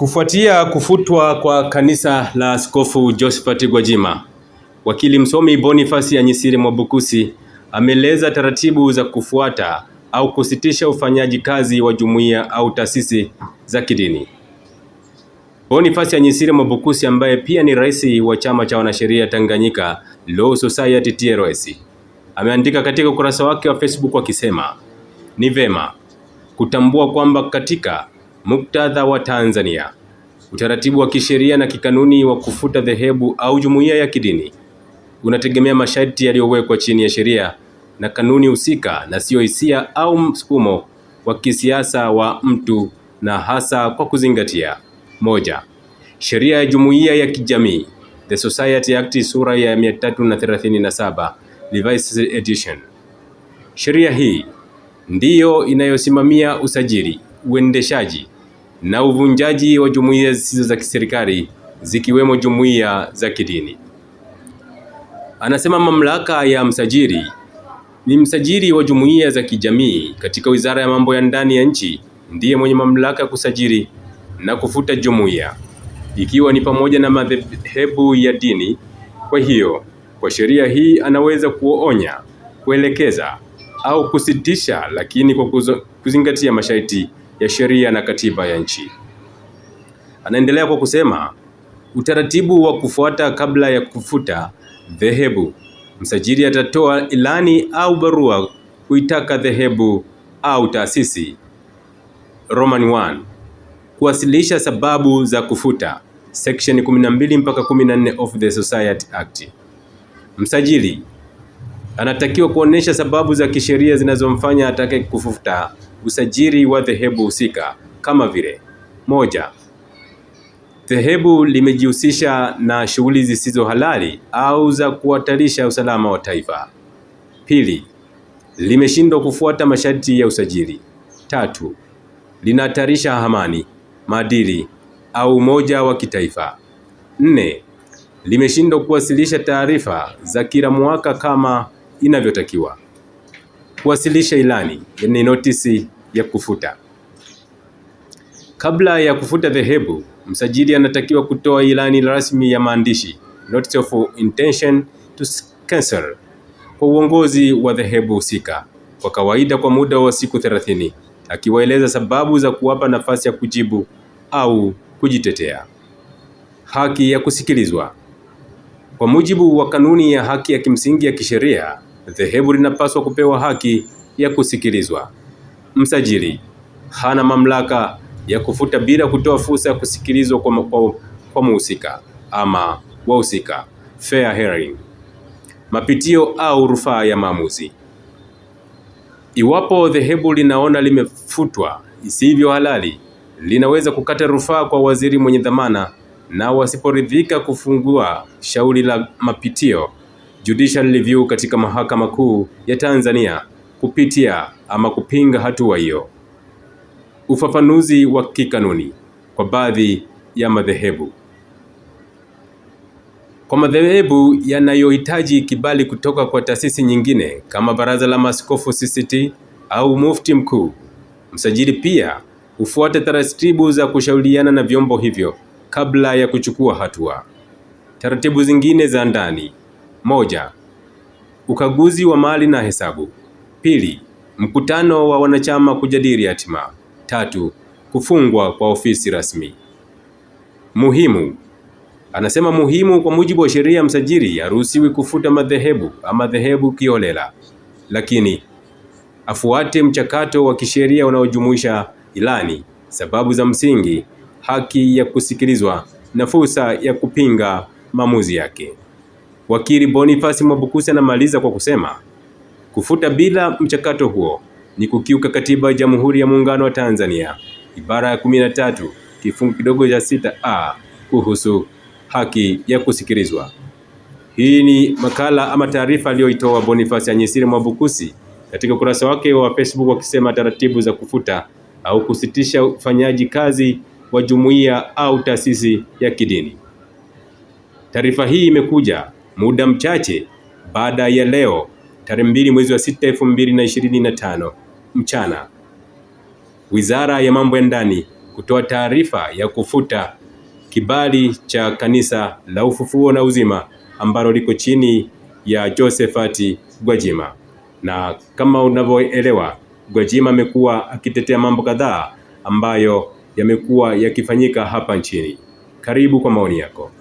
Kufuatia kufutwa kwa kanisa la Askofu Josephat Gwajima, wakili msomi Boniface Anyisiri Mwabukusi ameeleza taratibu za kufuata au kusitisha ufanyaji kazi wa jumuiya au taasisi za kidini. Boniface Anyisiri Mwabukusi ambaye pia ni rais wa chama cha wanasheria Tanganyika Law Society TLS ameandika katika ukurasa wake wa Facebook akisema, ni vema kutambua kwamba katika Muktadha wa Tanzania. Utaratibu wa kisheria na kikanuni wa kufuta dhehebu au jumuiya ya kidini unategemea masharti yaliyowekwa chini ya sheria na kanuni husika na siyo hisia au msukumo wa kisiasa wa mtu na hasa kwa kuzingatia: moja, sheria ya jumuiya ya kijamii The Society Act sura ya 337 Revised Edition. Sheria hii ndiyo inayosimamia usajili, uendeshaji na uvunjaji wa jumuiya zisizo za kiserikali zikiwemo jumuiya za kidini. Anasema mamlaka ya msajili ni msajili wa jumuiya za kijamii katika Wizara ya Mambo ya Ndani ya nchi, ndiye mwenye mamlaka ya kusajili na kufuta jumuiya ikiwa ni pamoja na madhehebu ya dini. Kwa hiyo, kwa sheria hii anaweza kuonya, kuelekeza au kusitisha, lakini kwa kuzingatia masharti ya sheria na katiba ya nchi. Anaendelea kwa kusema utaratibu wa kufuata kabla ya kufuta dhehebu. Msajili atatoa ilani au barua kuitaka dhehebu au taasisi Roman 1 kuwasilisha sababu za kufuta section 12 mpaka 14 of the Society Act. Msajili anatakiwa kuonesha sababu za kisheria zinazomfanya atake kufuta usajili wa dhehebu husika kama vile moja, dhehebu limejihusisha na shughuli zisizo halali au za kuhatarisha usalama wa taifa; pili, limeshindwa kufuata masharti ya usajili; tatu, linahatarisha amani, maadili au umoja wa kitaifa; nne, limeshindwa kuwasilisha taarifa za kila mwaka kama inavyotakiwa kuwasilisha ilani, ni notisi ya kufuta. Kabla ya kufuta dhehebu, msajili anatakiwa kutoa ilani rasmi ya maandishi notice of intention to cancel kwa uongozi wa dhehebu husika, kwa kawaida kwa muda wa siku 30, akiwaeleza sababu za kuwapa nafasi ya kujibu au kujitetea. Haki ya kusikilizwa. Kwa mujibu wa kanuni ya haki ya kimsingi ya kisheria dhehebu linapaswa kupewa haki ya kusikilizwa. Msajili hana mamlaka ya kufuta bila kutoa fursa ya kusikilizwa kwa, kwa, kwa muhusika ama wahusika. Fair hearing, mapitio au rufaa ya maamuzi. Iwapo dhehebu linaona limefutwa isivyo halali, linaweza kukata rufaa kwa waziri mwenye dhamana, na wasiporidhika kufungua shauri la mapitio Judicial Review katika Mahakama Kuu ya Tanzania kupitia ama kupinga hatua hiyo. Ufafanuzi wa kikanuni kwa baadhi ya madhehebu. Kwa madhehebu yanayohitaji kibali kutoka kwa taasisi nyingine kama Baraza la Maaskofu CCT au Mufti Mkuu, msajili pia hufuata taratibu za kushauriana na vyombo hivyo kabla ya kuchukua hatua. Taratibu zingine za ndani moja, ukaguzi wa mali na hesabu. Pili, mkutano wa wanachama kujadili hatima. Tatu, kufungwa kwa ofisi rasmi. Muhimu, anasema muhimu, kwa mujibu wa sheria ya msajili haruhusiwi kufuta madhehebu ama dhehebu kiolela, lakini afuate mchakato wa kisheria unaojumuisha ilani, sababu za msingi, haki ya kusikilizwa na fursa ya kupinga maamuzi yake. Wakili Boniface Mwabukusi anamaliza kwa kusema kufuta bila mchakato huo ni kukiuka katiba ya Jamhuri ya Muungano wa Tanzania ibara ya kumi na tatu kifungu kidogo cha sita a kuhusu haki ya kusikilizwa. Hii ni makala ama taarifa aliyoitoa Boniface Anyisiri Mwabukusi katika ukurasa wake wa Facebook wakisema taratibu za kufuta au kusitisha ufanyaji kazi wa jumuiya au taasisi ya kidini. Taarifa hii imekuja muda mchache baada ya leo tarehe mbili mwezi wa sita elfu mbili na ishirini na tano mchana, Wizara ya Mambo ya Ndani kutoa taarifa ya kufuta kibali cha Kanisa la Ufufuo na Uzima ambalo liko chini ya Josephat Gwajima, na kama unavyoelewa, Gwajima amekuwa akitetea mambo kadhaa ambayo yamekuwa yakifanyika hapa nchini. Karibu kwa maoni yako.